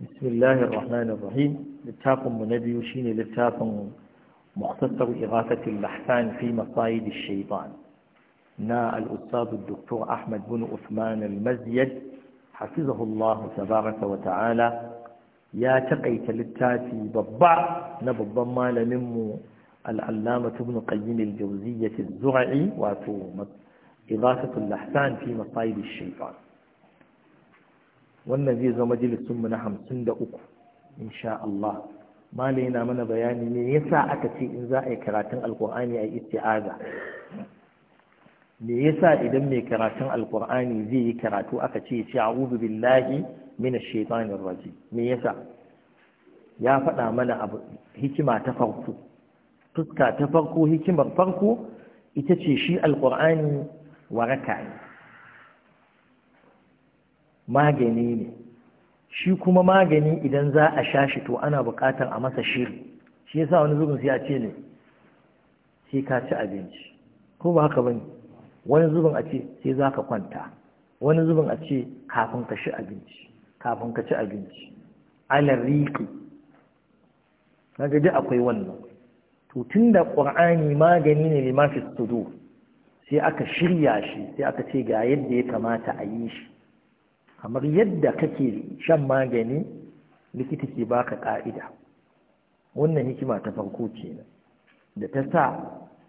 بسم الله الرحمن الرحيم لتاقم نبي شين لتاقم مختصر إغاثة اللحسان في مصايد الشيطان نا الأستاذ الدكتور أحمد بن أثمان المزيد حفظه الله تبارك وتعالى يا تقيت للتاتي ببع نببا ما لنم العلامة ابن قيم الجوزية الزرعي واتو إغاثة اللحسان في مصايد الشيطان wannan zai zama mu na hamsin da uku insha Allah malai yana mana bayani ne yasa aka ce in za a yi karatun alkur'ani a isti'aza me yasa idan mai karatun alkur'ani zai yi karatu aka ce ce a'udhu billahi minash shaitanir raji? me yasa ya faɗa mana abu hikima ta farko fuska ta farko hikimar farko ita ce shi alkur'ani waraka ne magani ne shi kuma magani idan za a sha shi to ana buƙatar a masa shiri shi ya sa wani zubin sai a ce ne sai ka ci abinci ko ba haka bane wani zubin a ce sai za ka kwanta wani zubin a ce kafin ka ci abinci kafin ka ci abinci alar riƙi na gaji akwai wannan to tun da ƙwar'ani magani ne limafis tudu sai aka shirya shi sai aka ce ga yadda ya kamata a yi shi kamar yadda kake shan magani likita ke baka ƙa'ida wannan hikima ta farko ce da ta sa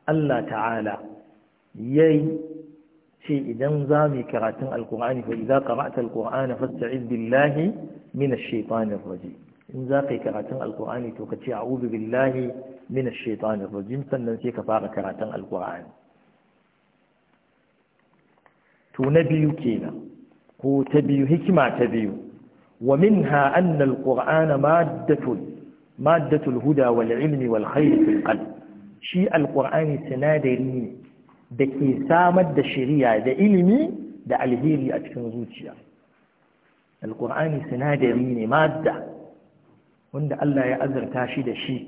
Allah ta'ala yayi ce idan za mu karatun alkur'ani fa idza qara'ta alqur'ana fasta'iz billahi min ash rajim in za ka yi karatun alkur'ani to ka ce a'udhu billahi min ash rajim sannan sai ka fara karatun alkur'ani to na biyu kenan ko ta biyu hikima ta biyu wa min anna alqur'ana maddatul maddatul huda wal ilmi wal khair fil qalb shi alqur'ani sinadari ne da ke samar da shari'a da ilimi da alheri a cikin zuciya alqur'ani sinadari ne madda wanda Allah ya azurta shi da shi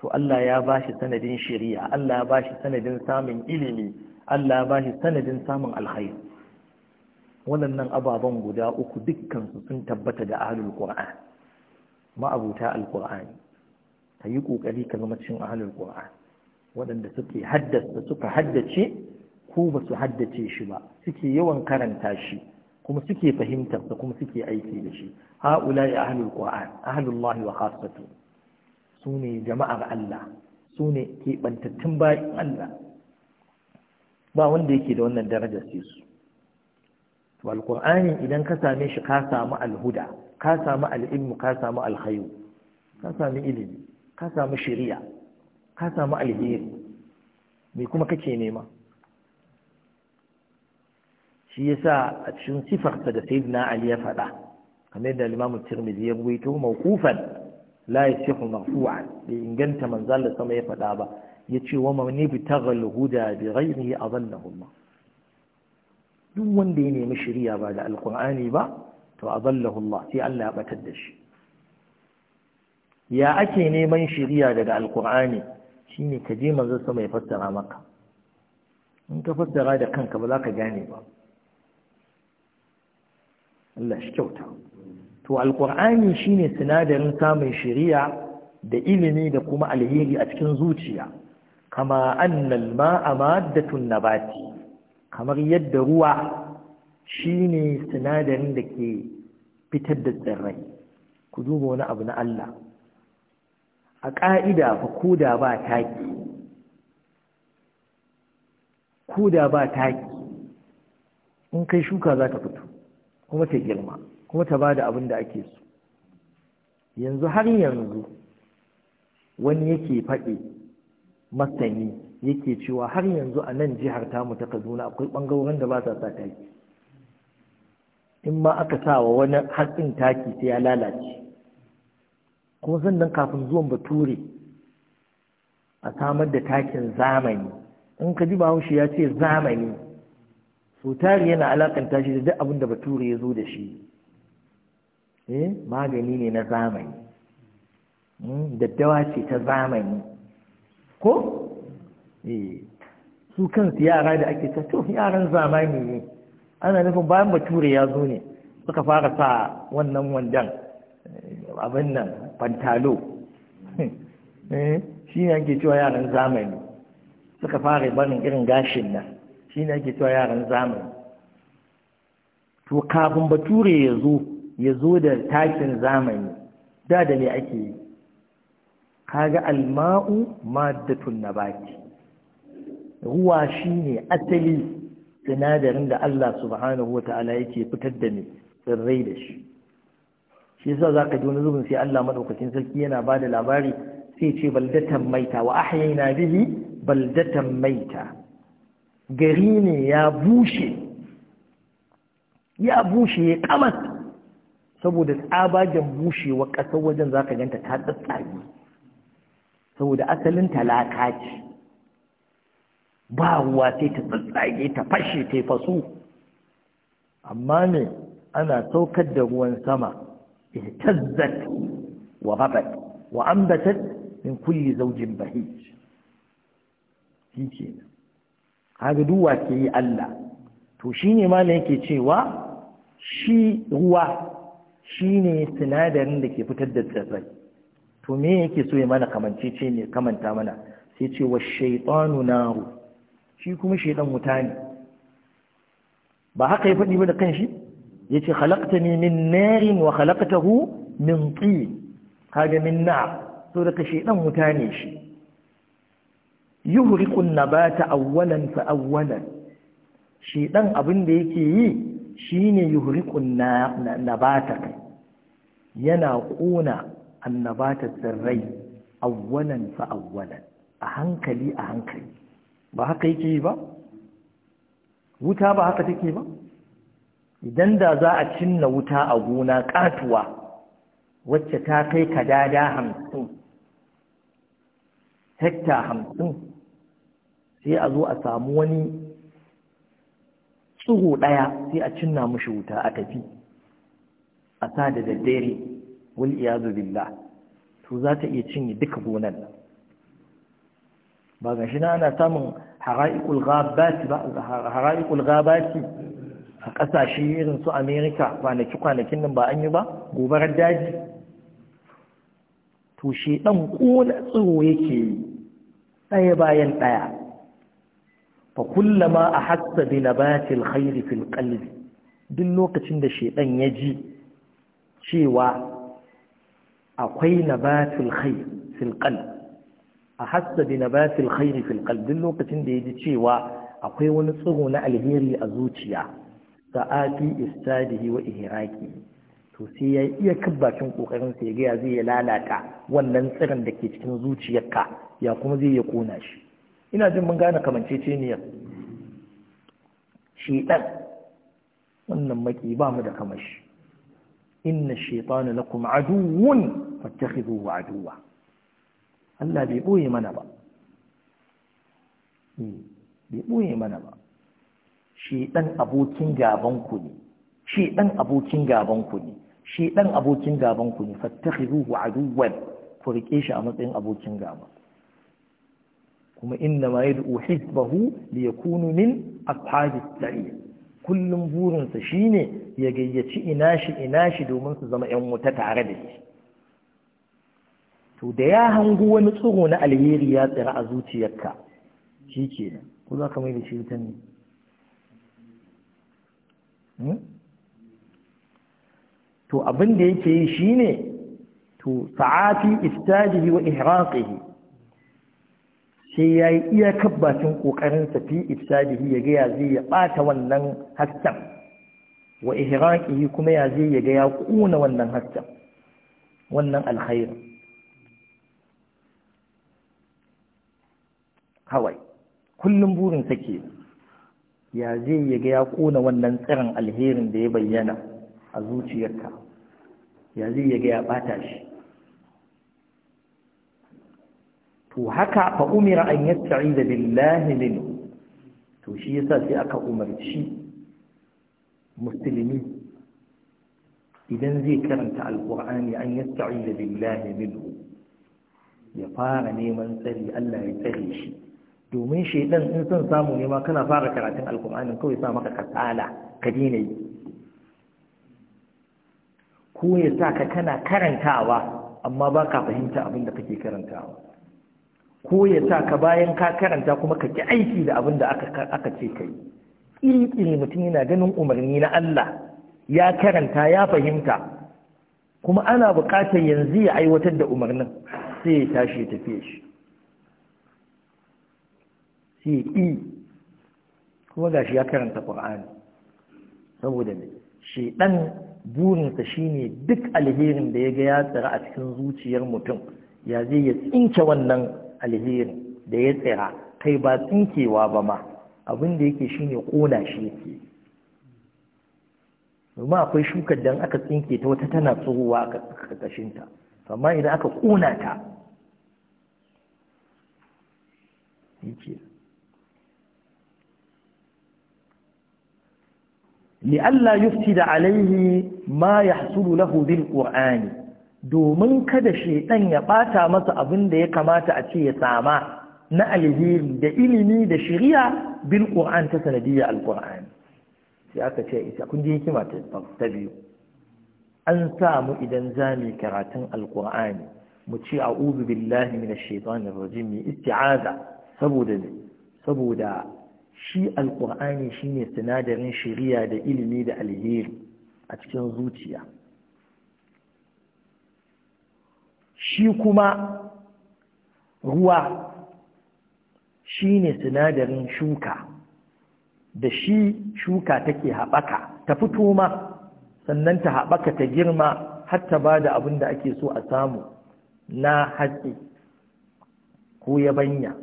to Allah ya ba shi sanadin shari'a Allah ya ba shi sanadin samun ilimi Allah ya ba shi sanadin samun alkhairi waɗannan ababen guda uku dukkansu sun tabbata da ahlul qur'an ma'abuta alqur'ani ka yi kokari ka zama cin ahlul qur'an waɗanda suke haddasa suka haddace ko ba su haddace shi ba suke yawan karanta shi kuma suke fahimtar kuma suke aiki da shi haula ya ahlul qur'an ahlullah wa khassatu sune jama'ar Allah sune kebantattun bayin Allah ba wanda yake da wannan darajar sai su to alqur'ani idan ka same shi ka samu alhuda ka samu al'ilmu ka samu alkhayu ka samu ilimi ka samu shari'a ka samu alheri me kuma kake nema shi yasa a cikin sifarsa da sayyidina ali ya faɗa kamar da al-imam at-tirmidhi ya ruwaito mawqufan la yasihu marfu'an inganta manzal sama ya faɗa ba yace wa man ibtagha al-huda bi ghayrihi adallahu Allah duk wanda ya nemi shiriya ba da alkur'ani ba to adallahu Allah sai Allah ya batar da shi ya ake neman shirya daga alkur'ani shine ka je manzon sama mai fassara maka in ka fassara da kanka ba za ka gane ba Allah shi kyauta to alkur'ani shine sinadarin samun shiriya da ilimi da kuma alheri a cikin zuciya kama annal ma'a maddatun nabati kamar yadda ruwa shine sinadarin da ke fitar da tsirrai ku duba wani abu na Allah a ƙa'ida fa koda ba taki koda ba taki in kai shuka za ta fito kuma ta girma kuma ta ba da abin da ake so yanzu har yanzu wani yake faɗi masani yake cewa har yanzu a nan jihar tamu ta kaduna akwai ɓangarorin da ba sa sa taki in ma aka sa wa wani hatsin taki sai ya lalace kuma sannan kafin zuwan bature a samar da takin zamani in ka ji bahaushe ya ce zamani so tari yana alakanta shi da duk abin da bature ya zo da shi eh magani ne na zamani hmm, daddawa ce ta zamani ko Eh, su kansu yara da ake to yaran zamani ne ana nufin bayan bature ya zo ne suka fara sa wannan wandan eh, abin nan pantalo eh, shi ne ake cewa yaran zamani suka fara barin irin gashin nan shi ne ake cewa yaran zamani to kafin bature ya zo ya zo da takin zamani da da ne ake yi kaga alma'u maddatun nabati ruwa shine asali sinadarin da Allah subhanahu ta'ala yake fitar da ni tsirrai da shi shi yasa zaka ji wani zubin sai Allah maɗaukacin sarki yana bada labari sai ce baldatan maita wa na bihi baldatan maita gari ne ya bushe ya bushe ya kamas saboda tsabagen bushewa ƙasar wajen zaka ganta ta tsatsage saboda asalin talaka ce ba ruwa sai ta tsatsage ta fashe ta fasu amma ne ana saukar da ruwan sama tazzat wa babat, wa ambatat min kulli zawjin bahij shi ke kaga duwa ke yi Allah to shine ma ne yake cewa shi ruwa shine sinadarin da ke fitar da tsirrai to me yake so ya mana kamance ce ne kamanta mana sai ce wa shaytanu naru shi kuma shaidan wuta ne ba haka ya faɗi ba da kanshi ya ce halakta ne min narin wa halakta hu min tsi kaga min na so daga shaidan wuta ne shi yuhriqun nabata awwalan fa awwalan shaidan abin da yake yi shine yuhriqun nabata kai yana ƙona annabata tsirrai awwalan fa awwalan a hankali a hankali ba haka yake yi ba wuta ba haka take ba idan da za a cinna wuta a gona katuwa wacce ta kai kadada hamsin hekta hamsin sai a zo a samu wani tsugo ɗaya sai a cinna mashi wuta a tafi a sa da daddare wal iyazu billah to za ta iya cinye duka gonan nan ba ga shi na ana samun hara'iƙul gabati ba a ƙasashe irin su amerika kwanaki-kwanakin nan ba an yi ba gobarar daji to shi ɗan ƙona tsiro yake yi ɗaya bayan ɗaya fa kullama a hatta bi nabatil khairi fil qalbi duk lokacin da shedan ya ji cewa akwai nabatul khair fil qalbi a hassa bi nabatil khairi fil qalb lokacin da yaji cewa akwai wani tsiro na alheri a zuciya sa'ati istadihi wa ihraqi to sai ya iya kabbacin kokarin sa ya ga ya zai lalata wannan tsirin da ke cikin zuciyarka ya kuma zai ya kona shi ina jin mun gane kamanceceniyar shedan wannan maki ba mu da kamashi inna shaytana lakum aduwwun fattakhidhuhu aduwwa Allah bai ɓoye mana ba eh, bai ɓoye mana ba shi ɗan abokin gabanku ne shi ɗan abokin gabanku ne shi ɗan abokin gabanku ne a ku riƙe shi a matsayin abokin gaba kuma inda ma yad'u hizbahu kunu min ashabis tsari. kullum burinsa shi ne ya gayyaci ina shi ina shi domin su zama 'yan wuta tare da shi to da ya hangu wani tsoro na alheri ya tsira a zuciyarka shi nan ko za ka mai da shi wuta ne hmm? to abin da yake yi shi ne, to sa'afi iftajihi wa ihraqihi sai ya yi iya kabbacin kokarin sa fi iftajihi ga ya zai ya bata wannan hasken wa ihraqihi kuma ya zai ya ga ya kuna wannan hasken wannan alkhair kawai kullum burinsa ke ya zai yaga ya kona wannan tsirin alherin da ya bayyana a zuciyarka ya zai yaga ya bata shi to haka fa umira an da billahi minhu to shi yasa sai aka umarci musulmi idan zai karanta alkur'ani an da billahi minhu ya fara neman tsari Allah ya tsare shi domin shaidan in son samu ne ma kana fara karatun alkur'anin kawai sa maka kasala ka dina yi ko ya sa ka kana karantawa amma ba ka fahimta abin da kake karantawa ko ya sa ka bayan ka karanta kuma ka ki aiki da abin da aka ce ka yi ƙirƙiri mutum yana ganin umarni na Allah ya karanta ya fahimta kuma ana buƙatar yanzu ya aiwatar da umarnin sai ya tashi ya tafiye shi sai ƙi kuma ga shi ya karanta ƙur'ani saboda ne ɗan burinsa shine duk alherin da ya ga ya tsira a cikin zuciyar mutum ya zai ya tsinke wannan alherin da ya tsira kai ba tsinkewa ba ma abin da yake shine ƙona shi yake domin akwai shukar da aka tsinke ta wata tana tsohuwa a ƙarƙashinta amma idan aka ƙona ta li'alla yuftida alaihi ma yahsulu lahu bil qur'ani domin kada shaitan ya bata masa abin da ya kamata a ce ya sama na alheri da ilimi da shari'a bil qur'an ta sanadiyya al qur'ani sai aka ce ita kun ji hikima ta biyu an samu idan zami karatun al-Qur'ani mu ce a'udhu billahi minash shaitanir rajim mi isti'aza saboda saboda shi alƙur'ani shine sinadarin shari'a da ilimi da alheri a cikin zuciya shi kuma ruwa shine sinadarin shuka da shi shuka take haɓaka ta fito ma sannan ta haɓaka ta girma har ta ba da abin da ake so a samu na hatsi ko yabanya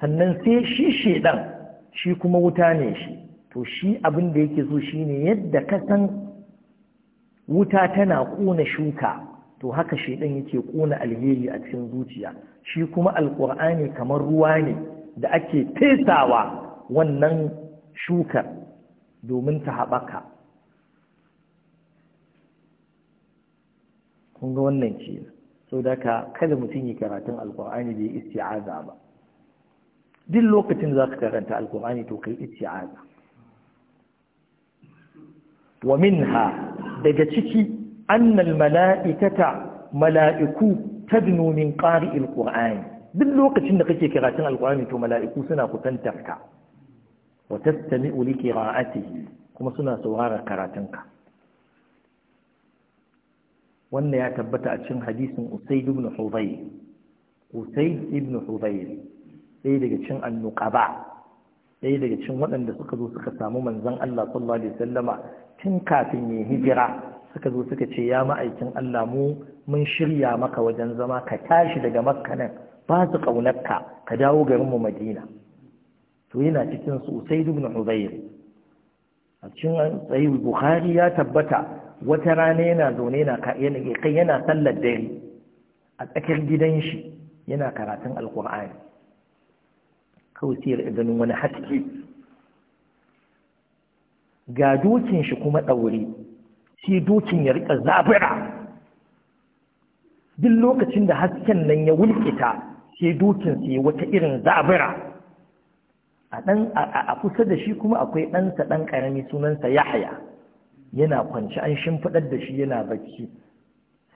sannan sai shi shedan shi kuma wuta ne shi to shi abin da yake so shine yadda ka san wuta tana ƙuna shuka to haka shedan yake ƙona alheri a cikin zuciya shi kuma Alƙur'ani kamar ruwa ne da ake fesawa wannan shuka domin ta haɓaka kun ga wannan ce sau da ka kada mutum yi karatun alkur'ani da ya isti'aza ba duk lokacin za ka karanta alkur'ani to kai isti'aza wa minha daga ciki annal mala'ikata mala'iku ta binomin qari'il qur'ani duk lokacin da kake karatun alkur'ani to mala'iku suna kusantar ka wa tastami'u li qira'atihi kuma suna saurara karatunka wannan ya tabbata a cikin hadisin usaid ibn hudayr usaid ibn ɗaya daga cikin annuqaba ɗaya daga cin waɗanda suka zo suka samu manzon Allah sallallahu alaihi wasallama tun kafin ya hijira suka zo suka ce ya ma'aikin Allah mu mun shirya maka wajen zama ka tashi daga makka nan ba su kaunarka ka dawo garin mu Madina to yana cikin sosai Usaid ibn Hudayr a cin sahih Bukhari ya tabbata wata rana yana zaune yana kai yana sallar dare a tsakar gidan shi yana karatun alkur'ani kawai sai ganin wani haske ga dokin shi kuma ɗaure sai dokin ya rika zabira duk lokacin da hasken nan ya wulkita sai dokin sai wata irin zabira a kusa da shi kuma akwai ɗansa ɗan ƙarami sunansa yahaya, yana kwanci an shimfiɗar da shi yana bacci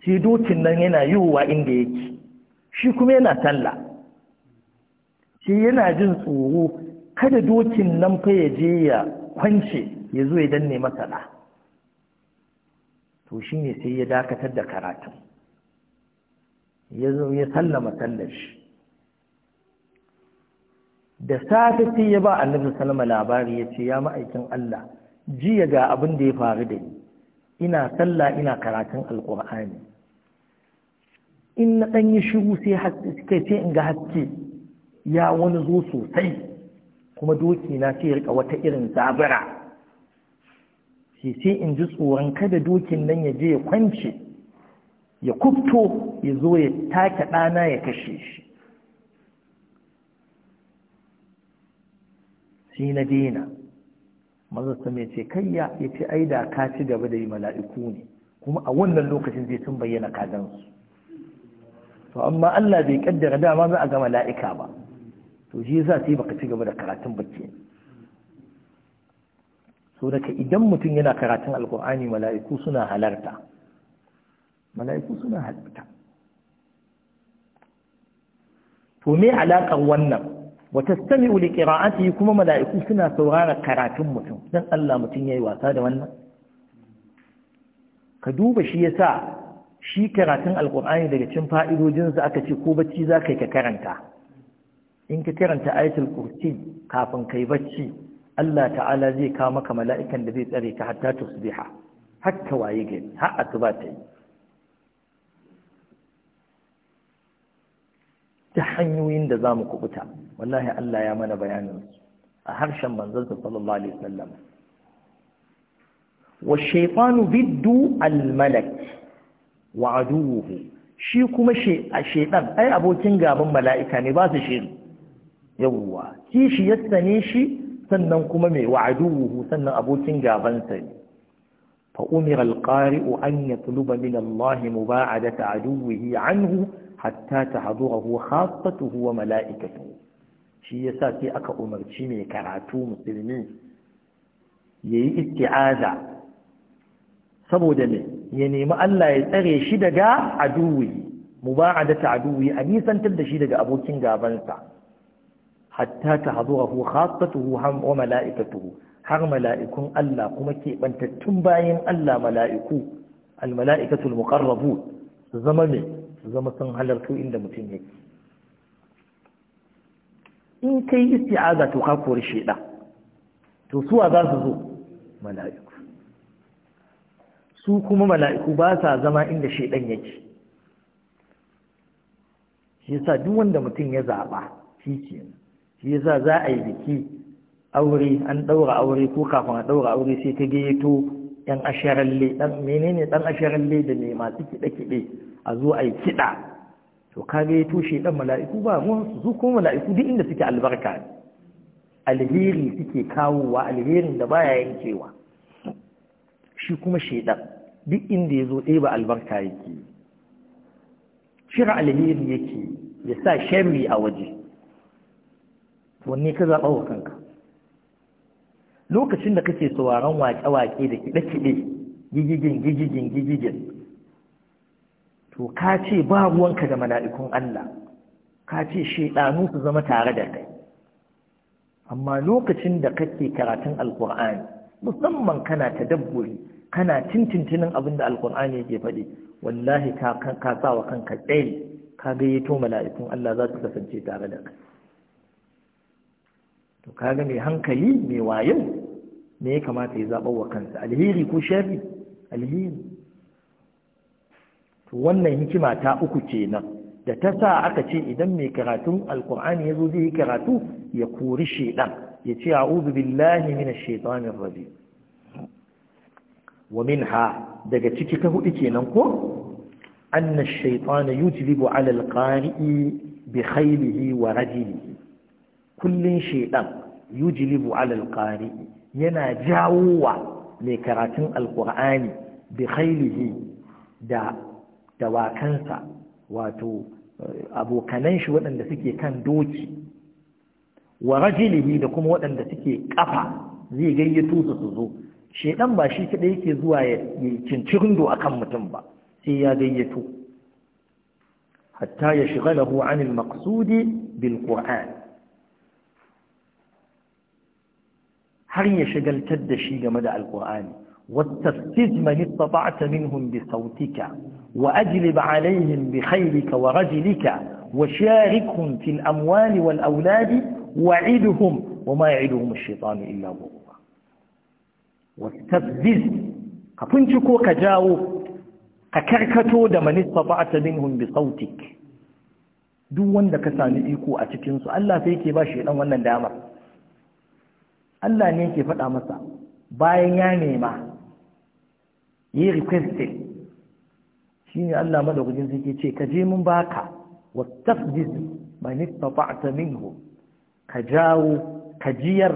sai dokin nan yana yiwuwa inda yake shi kuma yana sallah shi yana jin tsoro kada dokin nan fa ya je ya kwance ya zo ya danne masa da to shi ne sai ya dakatar da karatun ya zo ya sallama sallar shi da safe sai ya ba annabi sallama labari ya ce ya ma'aikin Allah jiya ga abin da ya faru da ni ina sallah ina karatun alkur'ani in na ɗan shiru sai suka sai in ga haske ya wani zo sosai kuma doki na sai rika wata irin zabira sai sai in ji tsoron kada dokin nan ya je ya kwance ya kufto ya zo ya take ɗana ya kashe shi shi na dina mazasta mai ce kayya ya ce ai da ka ci gaba da yi mala'iku ne kuma a wannan lokacin zai sun bayyana kadansu to amma Allah bai kaddara dama za a ga mala'ika ba to shi yasa sai baka ci gaba da karatun bacci so daga idan mutum yana karatun alkur'ani mala'iku suna halarta mala'iku suna halarta to me alaƙar wannan wata sami uli ƙira'ati kuma mala'iku suna saurara karatun mutum don Allah mutum ya yi wasa da wannan ka duba shi ya sa shi karatun alƙur'ani daga cin fa'idojinsa aka ce ko bacci za ka yi ka karanta in ka karanta ayatul kursi kafin kai bacci Allah ta'ala zai kawo maka mala'ikan da zai tsare ka hatta tusbiha hatta waye gari har asuba ta yi ta hanyoyin da za mu kubuta wallahi Allah ya mana bayanin a harshen manzansa sallallahu alaihi wasallam wa shaytanu biddu al-malak wa aduwuhu shi kuma shaytan ai abokin gaban mala'ika ne ba su shiri yawwa kishi ya sane shi sannan kuma mai wa'aduhu sannan abokin gabansa ne fa umira alqari'u an yatluba min Allah muba'adata aduwwihi anhu hatta tahdurahu khassatuhu wa mala'ikatuhu shi yasa sai aka umarci mai karatu musulmi yayi isti'aza saboda ne ya nemi Allah ya tsare shi daga aduwwi muba'adata aduwwi a nisantar da shi daga abokin gabansa hatta ta hazuwahu khassatuhu ham wa mala'ikatuhu har mala'ikun Allah kuma ke bantattun bayan Allah mala'iku al mala'ikatul muqarrabu su zama me su zama sun halartu inda mutum yake in ka kai isti'aza to ka kori sheda to suwa za su zo mala'iku su kuma mala'iku ba sa zama inda shedan yake shi yasa duk wanda mutum ya zaɓa shi kenan shi yasa za a yi biki aure an ɗaura aure ko kafin a ɗaura aure sai ta gayyato yan asharalle dan menene dan asharalle da me masu kiɗe-kiɗe a zo a yi kiɗa to ka gayyato shi dan mala'iku ba ruwan su kuma mala'iku duk inda suke albarka ne alheri suke kawowa alherin da baya yankewa shi kuma shaidan duk inda ya zo ɗaya ba albarka yake shira alheri yake ya sa sharri a waje wanne ka zaɓa wa kanka lokacin da kake sauraron waƙe-waƙe da kiɗe-kiɗe gigigin gigigin gigigin to ka ce ba ruwanka da mala'ikun Allah ka ce shaiɗanu su zama tare da kai amma lokacin da kake karatun alkur'ani musamman kana ta dabburi kana tintintinin abin da alkur'ani yake faɗi wallahi ka sa wa kanka tsaye ka gayyato mala'ikun Allah za su kasance tare da kai to kaga mai hankali mai wayo me ya kamata ya zaɓa wa kansa alheri ko shari alheri to wannan hikima ta uku kenan da ta sa aka ce idan mai karatun alkur'ani ya zo zai yi karatu ya kori shaidan ya ce a'udhu billahi minash shaitanin rabi. wa minha daga ciki ta hudu kenan ko anna ash-shaytana yujlibu 'ala al bi khaylihi wa rajlihi kullun shaidan yujlibu alal qari yana jawowa mai karatun alqur'ani bi khailihi da dawakansa wato eh, abokanan shi waɗanda suke kan doki wa rajilihi da kuma waɗanda suke ƙafa. zai gayyato su su zo shaidan ba shi kadai yake zuwa ya cincirindo akan mutum ba sai ya gayyato hatta ya shigalahu anil maqsudi bil qur'an har ya shagaltar da shi game da alƙu'ani wata sizmani tsabata minhun bi sautika wa ajiyar ba'alayin bi khairika rajilika wa sharikun fil amwani wal auladi wa ka jawo ka karkato da mani tsabata minhun bi sautik duk wanda ka sami iko a cikinsu allafa yake ba shi ɗan wannan damar Allah ne ke faɗa masa bayan ya nema yi shi shine Allah madaukakin suke ce ka je mun baka wastafdiz man istata'ta minhu ka jawo ka jiyar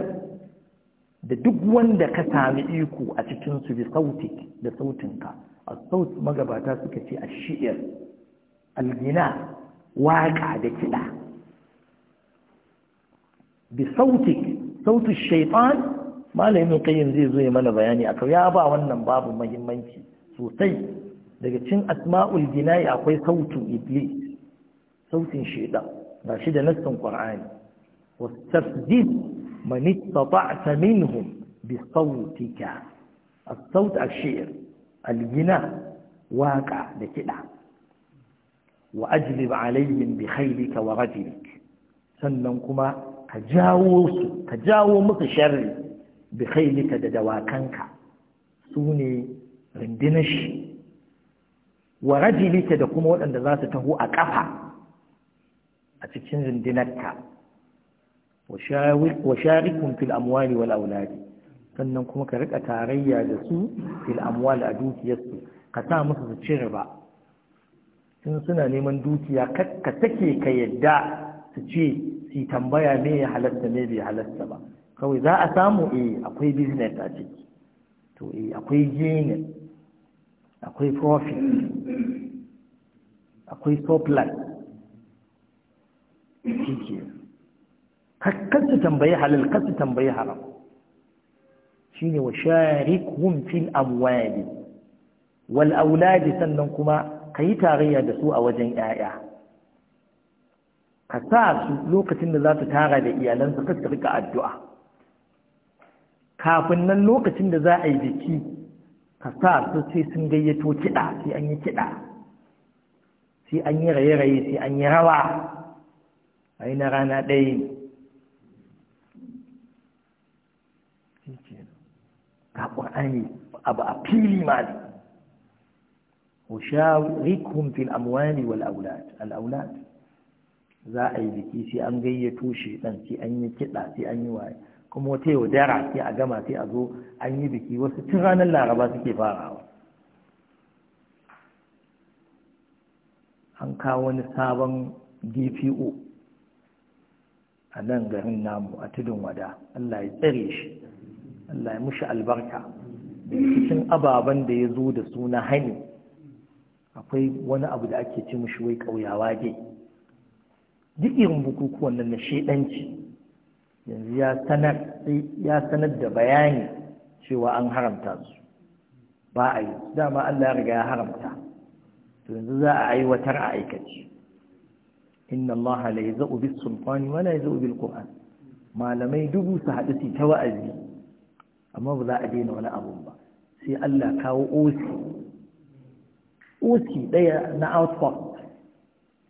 da duk wanda ka sami iko a cikin su bi sauti da sautinka a sauti magabata suka ce a shir algina waƙa da kiɗa, bi sautik صوت الشيطان ما له يقيم زي زي من بياني أكو يا أبا ونن باب ما يمنشي صوتي لكن شن أسماء الجناية أكو صوت إبليس صوت الشيطان رشيد نص القرآن واستفزد من استطعت منهم بصوتك الصوت الشعر الجنا واقع لكلا وأجلب عليهم بخيلك ورجلك سنن كما ka jawo su ka jawo musu sharri bi khailika da dawakanka su ne rindinashi shi wa rajilika da kuma waɗanda za su taho a ƙafa a cikin rindinarka wa sharikun fil amwali wal auladi sannan kuma ka rika tarayya da su fil amwal a dukiyarsu ka sa musu su cire ba. in suna neman dukiya ka take ka yadda su ce su tambaya me ya halatta me bai halatta ba kawai za a samu eh akwai business a ciki to eh akwai gain akwai profit akwai surplus shi su tambayi halal su tambayi haram shi ne wa sharikhun fil amwali wal auladi sannan kuma ka yi tarayya da su a wajen 'ya'ya ka sa su lokacin da za su tara da iyalansa ka su rika addu'a kafin nan lokacin da za a yi biki ka sa su sai sun gayyato kiɗa sai an yi kiɗa sai an yi raye-raye sai an yi rawa a yi na rana ɗaya ga ƙwar'ani abu a fili ma ne وشاوركهم في fil amuwani الأولاد za a yi biki sai an gayyato shi dan sai an yi kiɗa sai an yi waye kuma wata yaudara sai a gama sai a zo an yi biki wasu cin ranar laraba suke farawa an kawo wani sabon dpo a nan garin namu a tudun wada allah ya tsare shi allah ya mushi albarka cikin ababen da ya zo da suna hani akwai wani abu da ake ci mushi wai ƙauyawa dai duk irin bukukuwan nan na shedanci yanzu ya sanar da bayani cewa an haramta su ba a yi dama Allah ya riga ya haramta to yanzu za a aiwatar a aikace inna Allah la yaz'u bis sultani wa yaz'u bil qur'an malamai dubu su haɗu su ta wa'azi amma ba za a daina wani abu ba sai Allah kawo osi osi ɗaya na outpost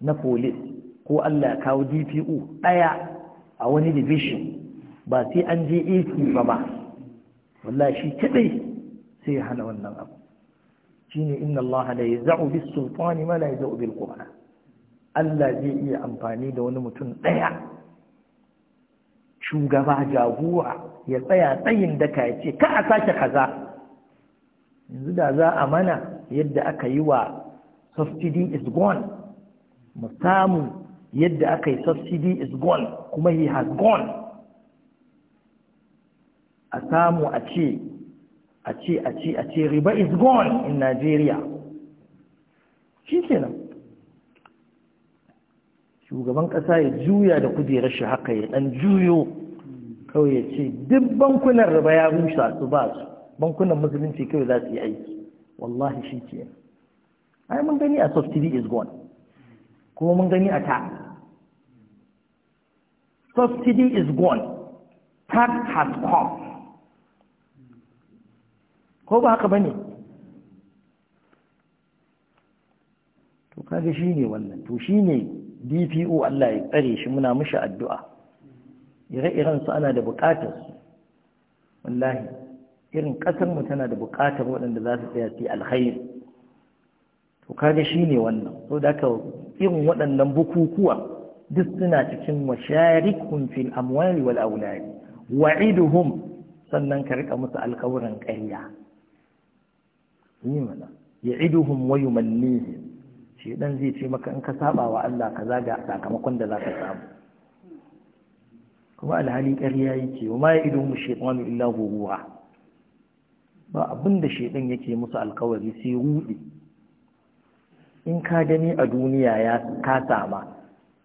na police ko Allah ya kawo DPO ɗaya a wani division ba sai an je AC ba ba wallahi shi kadai sai ya hana wannan abu shine inna Allah la yaz'u bis sultani ma la yaz'u bil qur'an Allah zai iya amfani da wani mutum ɗaya shugaba jagora ya tsaya tsayin daka ya ce ka a sake kaza yanzu da za a mana yadda aka yi wa subsidy is gone mu samu yadda aka yi subsidy is gone kuma he has gone a samu a ce a ce a ce a ce riba is gone in Nigeria shi nan shugaban ƙasa ya juya da kujerar shi haka ya ɗan juyo kawai ya ce duk bankunan riba ya rusa su ba su bankunan musulunci kawai za su yi aiki wallahi shi ke ai mun gani a subsidy is gone kuma mun gani a ta Subsidy is gone. Tax has come. Ko ba haka bane? To kage shine wannan, to shine DPO Allah ya tsare shi muna mishi addu'a. Ire-iren su ana da bukatar su. Wallahi, irin kasar mu tana da bukatar waɗanda za su tsaya su alkhairi. To kage shine wannan. So da irin waɗannan bukukuwa duk suna cikin washarikhum fil amwali wal aulad wa'iduhum sannan ka rika musu alƙawuran ƙarya yi mana ya'iduhum wa yumannihim shi dan zai ce maka in ka saba wa Allah ka zaga sakamakon da zaka samu kuma alhali ƙarya yake wa ma ya'iduhum shaytanu illa huwa ba abinda shaytan yake musu alƙawari sai rudi in ka gani a duniya ya kasa sama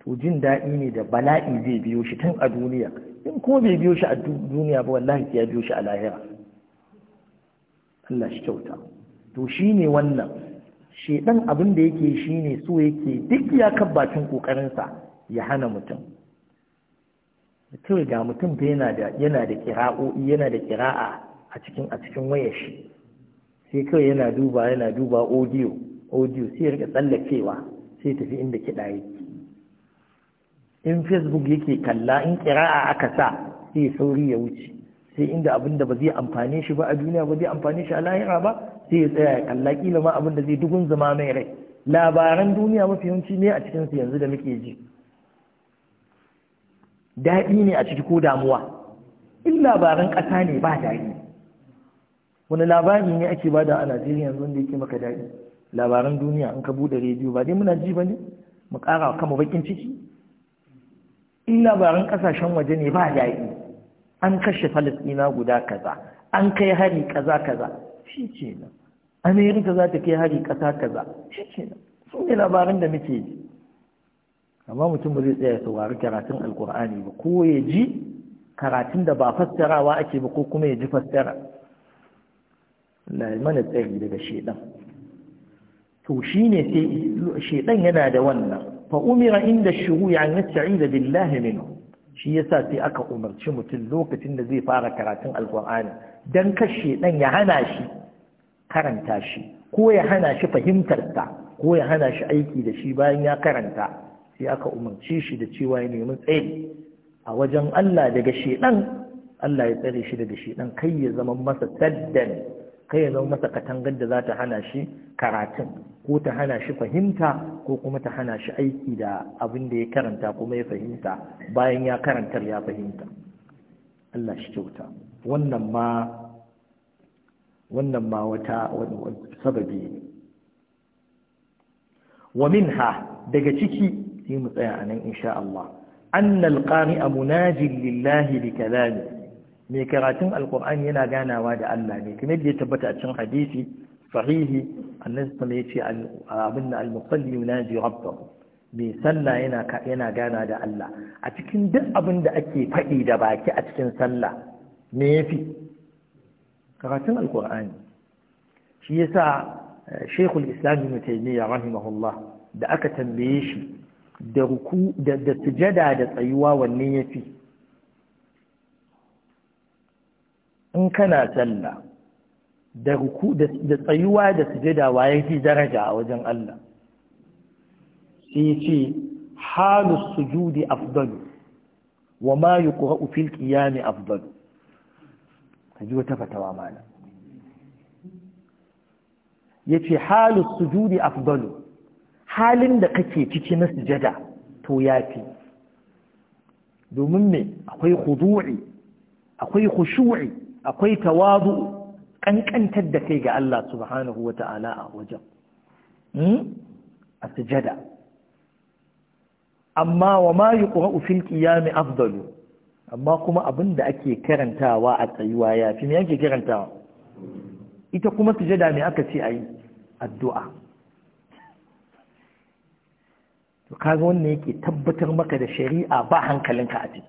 to jin daɗi ne da bala'i zai biyo shi tun a duniya in ko bai biyo shi a duniya ba wallahi ya biyo shi a lahira Allah shi kyauta to shi ne wannan shedan abin da yake shi ne so yake duk ya kabbacin ƙoƙarinsa ya hana mutum mutum ga mutum fa yana da yana da kira'o'i yana da kira'a a cikin a cikin wayar shi sai kawai yana duba yana duba audio audio sai ya rika tsallakewa sai tafi inda kiɗa yake in facebook yake kalla in kira'a aka sa sai sauri ya wuce sai inda abin da ba zai amfane shi ba a duniya ba zai amfane shi a lahira ba sai ya tsaya ya kalla kila ma abin da zai dugun zama mai rai labaran duniya mafi yawanci ne a cikinsu yanzu da muke ji daɗi ne a ciki ko damuwa in labaran ƙasa ne ba daɗi wani labari ne ake bada a najeriya yanzu wanda yake maka daɗi labaran duniya in ka buɗe rediyo ba dai muna ji ba ne mu ƙara kama baƙin ciki in labaran kasashen waje ne ba yi. an kashe falastina guda kaza an kai hari kaza kaza shi ce nan amerika za ta kai hari kasa kaza shi ce nan su ne labarin da muke ji amma mutum ba zai tsaya saurari karatun alkur'ani ba ko ya ji karatun da ba fassarawa ake ba ko kuma ya ji fassara mana tsari daga shedan to shi ne sai shedan yana da wannan fa'umira inda shiru ya an yasta'ida billahi minhu shi yasa sai aka umarci mutum lokacin da zai fara karatun alkur'ani dan kashe dan ya hana shi karanta shi ko ya hana shi fahimtar ta ko ya hana shi aiki da shi bayan ya karanta sai aka umarci shi da cewa ya nemi tsayi a wajen Allah daga shedan Allah ya tsare shi daga shedan kai ya zama masa saddan kai ya zama masa katangar da za ta hana shi karatun ko ta hana shi fahimta ko kuma ta hana shi aiki da abin da ya karanta kuma ya fahimta bayan ya karantar ya fahimta Allah shi kyauta wannan ma wannan ma wata sababi wa minha daga ciki sai mu tsaya anan insha Allah annal qari'a munajil lillahi bi kalami mai karatun alkur'ani yana ganawa da Allah ne kuma yadda ya tabbata a cikin hadisi sahihi annabi sallallahu alaihi wasallam ya ce abinda al yunaji rabbahu mai sallah yana yana gana da Allah a cikin duk abin da ake faɗi da baki a cikin sallah me yafi karatun alkur'ani shi yasa eh, Sheikhul Islam Ibn Taymiyyah rahimahullah da aka tambaye shi da ruku da sujada da tsayuwa wanne yafi in kana sallah da ruku da tsayuwa da sujada yafi fi daraja a wajen Allah shi ce halus sujudi afdalu wa ma yuqra'u fil qiyam afdalu kaji wata fatawa mana yace halus sujudi afdalu halin da kake ciki na sujada to yafi domin me akwai khudu'i akwai khushu'i akwai tawadu ƙanƙantar da kai ga Allah subhanahu wa ta'ala a wajen hmm? a sujada amma wa ma yi ƙura'u ya ƙiyami afdalu amma kuma abin da ake karantawa a tsayuwa ya fi me ake karantawa ita kuma sujada me aka ce a yi addu'a to kaga wannan yake tabbatar maka da shari'a ba hankalinka a ciki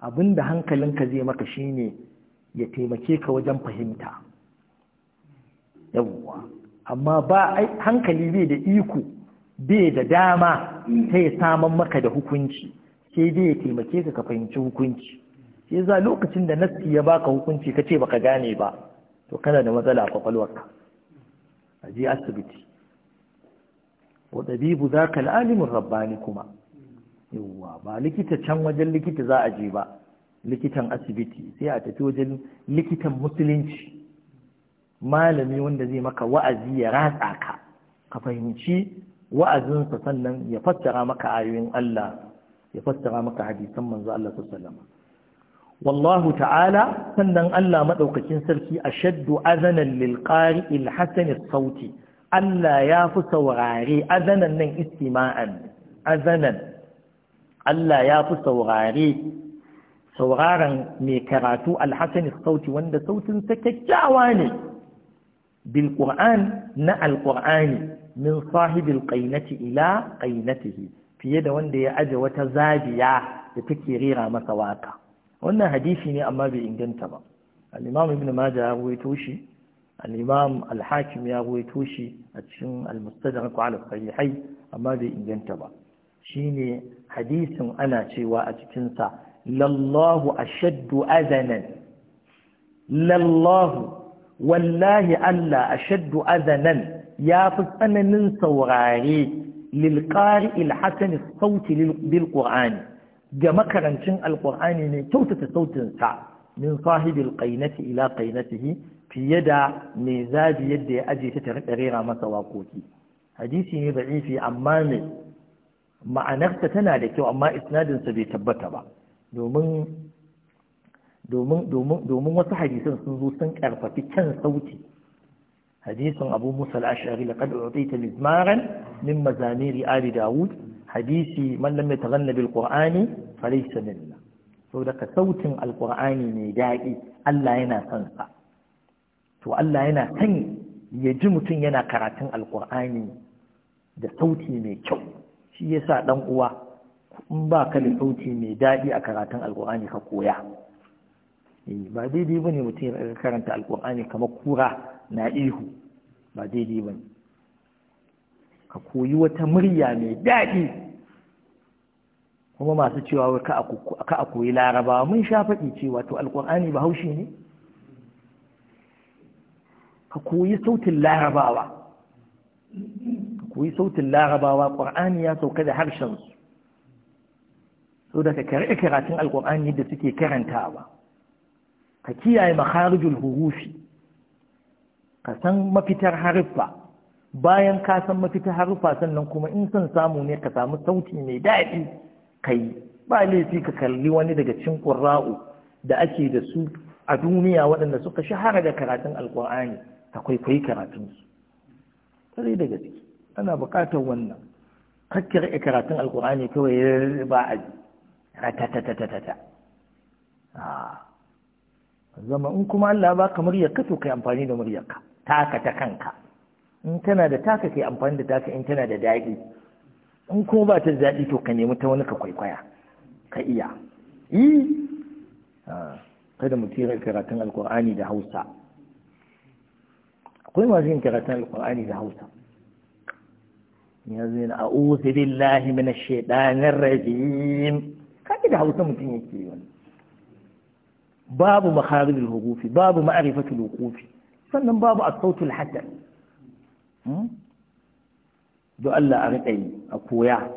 abinda hankalinka zai maka shine ya taimake ka wajen fahimta yawwa amma ba hankali bai da iko bai da dama sai saman maka da hukunci sai dai ya taimake ka ka fahimci hukunci sai za lokacin da nassi ya baka hukunci kace baka gane ba to kana da matsala a kwakwalwarka a je asibiti wa dabibu zaka al'alimin rabbani kuma yawwa ba likita can wajen likita za a je ba likitan asibiti sai a tafi wajen likitan musulunci malami wanda zai maka wa'azi ya ratsa ka ka fahimci wa'azinsa sannan ya fassara maka ayoyin Allah ya fassara maka hadisan manzo Allah sallallahu alaihi wasallam والله تعالى سنن الله مدوكين سركي أشد أذنا للقارئ الحسن الصوتي ألا يافس وغاري أذنا استماعا أذنا Allah ya fi saurare sauraron mai karatu alhassan sauti wanda sautin sautinsa kyakkyawa ne bil qur'an na alqur'ani min sahibil ila qainatihi fiye da wanda ya aje wata zabiya da take rera masa waka wannan hadisi ne amma bai inganta ba al-imam ibn maja ya ruwaito shi Alimam imam al-hakim ya ruwaito shi a cikin al-mustadrak sahihai amma bai inganta ba shine hadisin ana cewa a cikinsa lallahu ashaddu azanan lallahu wallahi Allah ashaddu azanan ya fi tsananin saurari lilƙari ilhakan sauti bil ƙur'ani ga makarancin alƙur'ani ne kyautata sa min sahibil ƙainati ila ƙainatihi fiye da mai zabi yadda ya ajiye ta rera masa waƙoƙi hadisi ne da amma mai Ma'anarsa tana da kyau amma isnadinsa bai tabbata ba domin wasu hadisan sun zo sun karfafi can sauti hadisin abu musa al'ashari da kada ta mizmaran min mazamiri ali dawud hadisi man lam yataganna bil qur'ani falaysa minna so daga sautin alqur'ani mai daɗi Allah yana son sa to Allah yana son ya ji mutum yana karatun alqur'ani da sauti mai kyau shi yasa dan uwa in ba ka da sauti mai daɗi a karatun alkur'ani ka koya eh, ba daidai ba ne mutum ya karanta alkur'ani kamar kura na ihu ba daidai ba ne ka koyi wata murya mai daɗi kuma masu cewa ka a koyi laraba mun sha faɗi cewa to alkur'ani ba haushi ne ka koyi sautin larabawa Kuyi sautin larabawa ƙur'ani ya sauka da harshen su so ka karɓi karatun alƙur'ani da suke karantawa ka kiyaye makharijul hurufi ka san mafitar haruffa bayan ka san mafitar haruffa sannan kuma in son samu ne ka samu sauti mai daɗi ka yi ba laifi ka kalli wani daga cikin ƙura'u da ake da su a duniya waɗanda suka shahara da karatun alƙur'ani ka kwaikwayi karatunsu sai da gaske ana buƙatar wannan kakkar karatun alkur'ani kawai ba a ratatatatata zama in kuma Allah ba ka muryarka to kai amfani da muryarka taka ta kanka in tana da taka kai amfani da taka in tana da daɗi in kuma ba ta daɗi to ka nemi ta wani ka kwaikwaya ka iya yi kada mu tira karatun alkur'ani da hausa akwai masu yin karatun alkur'ani da hausa yanzu yana a'udhu billahi minash shaitanir rajim kai da hausa mutum yake wani babu makharijul hurufi babu ma'rifatul wuqufi sannan babu as-sautul hasan hmm? do Allah a riƙa yi a koya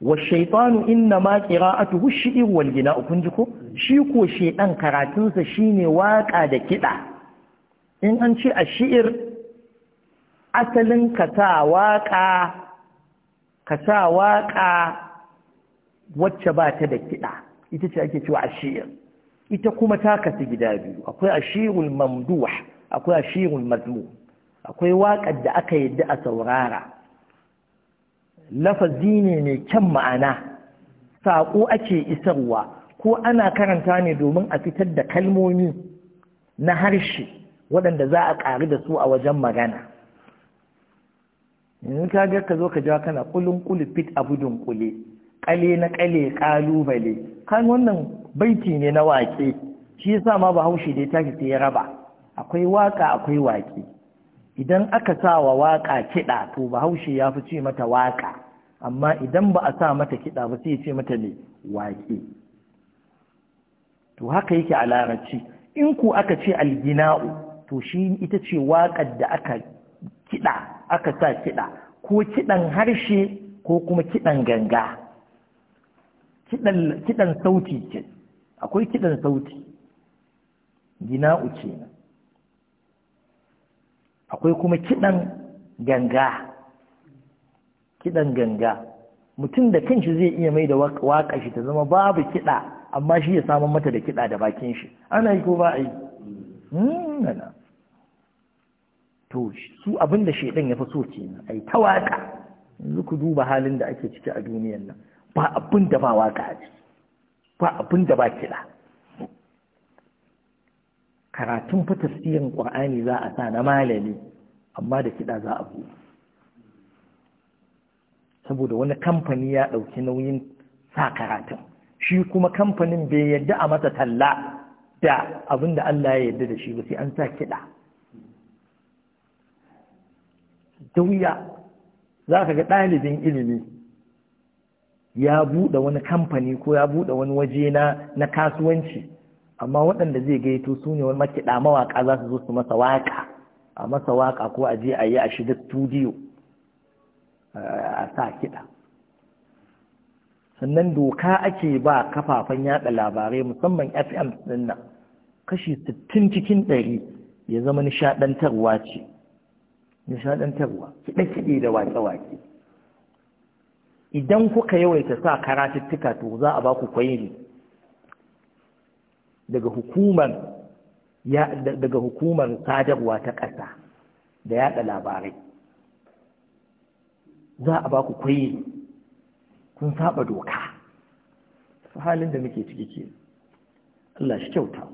wa shaitanu inna ma qira'atuhu shi'r wal gina'u kun ji ko shi ko shaitan karatunsa shine waka da kida in an ce a shi'r asalin ka sa waƙa ka sa waƙa wacce ba ta da kiɗa ita ce ake cewa ashir ita kuma ta kasu gida biyu akwai ashirul mamduh akwai ashirul mazmu akwai waƙar da aka yi a saurara lafazi ne mai kyan ma'ana saƙo ake isarwa ko ana karanta ne domin a fitar da kalmomi na harshe waɗanda za a ƙari da su a wajen magana yanzu ka ga ka zo ka ja kana kulun kulu fit abu dunkule kale na kale kalubale kan wannan baiti ne na wake shi yasa ma bahaushe da ya tashi sai ya raba akwai waka akwai wake idan aka sa wa waka kiɗa to bahaushe ya fi ce mata waka amma idan ba a sa mata kiɗa ba sai ya ce mata ne wake to haka yake a larabci in ku aka ce algina'u to shi ita ce waƙar da aka kiɗa aka sa kiɗa ko kiɗan harshe ko kuma kiɗan ganga kiɗan sauti ce akwai kiɗan sauti gina'u ce akwai kuma kiɗan ganga kiɗan ganga mutum da kanshi zai iya mai da waƙa shi ta zama babu kiɗa amma shi ya samun mata da kiɗa da bakin shi ana yi ko ba a yi hmm, to su abin da shaidan ya fi so kenan ai ta waka yanzu ku duba halin da ake ciki a duniyan nan ba abin da ba waka a ciki ba abin da ba kiɗa karatun fa siyan qur'ani za a sa na malami amma da kiɗa za a bu saboda wani kamfani ya ɗauki nauyin sa karatun shi kuma kamfanin bai yadda a masa talla da abin da Allah ya yarda da shi ba sai an sa kiɗa ta wuya za ka ga ɗalibin ilimi ya buɗe wani kamfani ko ya buɗe wani waje na kasuwanci amma waɗanda zai gaito su ne wani makiɗa mawaƙa za su zo su masa waƙa a masa waƙa ko a je a yi a shiga studio a sa kiɗa sannan doka ake ba kafafen yaɗa labarai musamman fm ɗin nan kashi sittin cikin ɗari ya zama nishaɗantarwa ce Nishaɗantarwa kiɗe-kiɗe da waƙe-waƙe. idan kuka yawaita sa karatuttuka to za a ba ku kwayiri daga hukumar sadarwa ta ƙasa da yaɗa labarai za a ba ku kwayiri kun saba doka halin da muke ciki ke Allah shi kyauta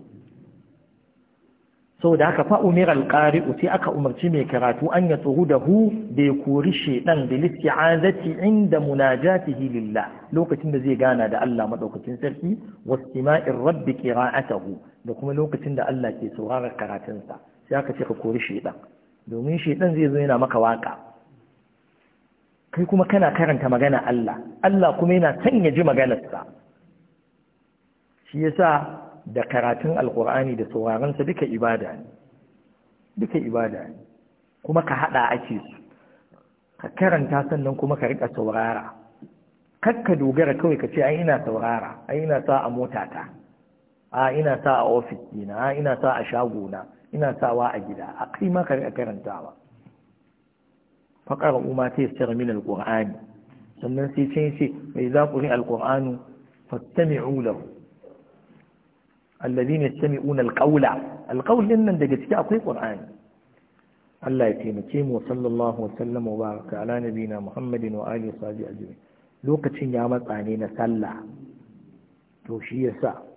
saboda haka fa umiral qari'u sai aka umarci mai karatu an ya tsoro da hu da ya kori shedan da listi'azati inda munajatihi lillah lokacin da zai gana da Allah madaukakin sarki wastima'ir rabbi qira'atahu da kuma lokacin da Allah ke saurara karatunsa sai aka ce ka kori shedan domin shedan zai zo yana maka waka kai kuma kana karanta magana Allah Allah kuma yana son ya ji maganarsa shi yasa da karatun alkur'ani da sauraronsa duka ibada ne duka ibada ne kuma ka haɗa ake su ka karanta sannan kuma ka riƙa saurara Kar ka dogara kawai ka ce ai ina saurara ai ina sa a motata a ina sa a ofis dina a ina sa a shagona ina sawa a gida a kai ma ka riƙa karantawa faƙar umma ta yassara min alqur'ani sannan sai sai ce mai za ku ri alqur'anu fastami'u lahu alladhina yastami'una alqawla alqawl din nan daga ciki akwai qur'ani Allah ya taimake mu sallallahu wasallam wa baraka ala nabina muhammadin wa alihi sahbihi ajma'in lokacin ya matsa ne na sallah to shi yasa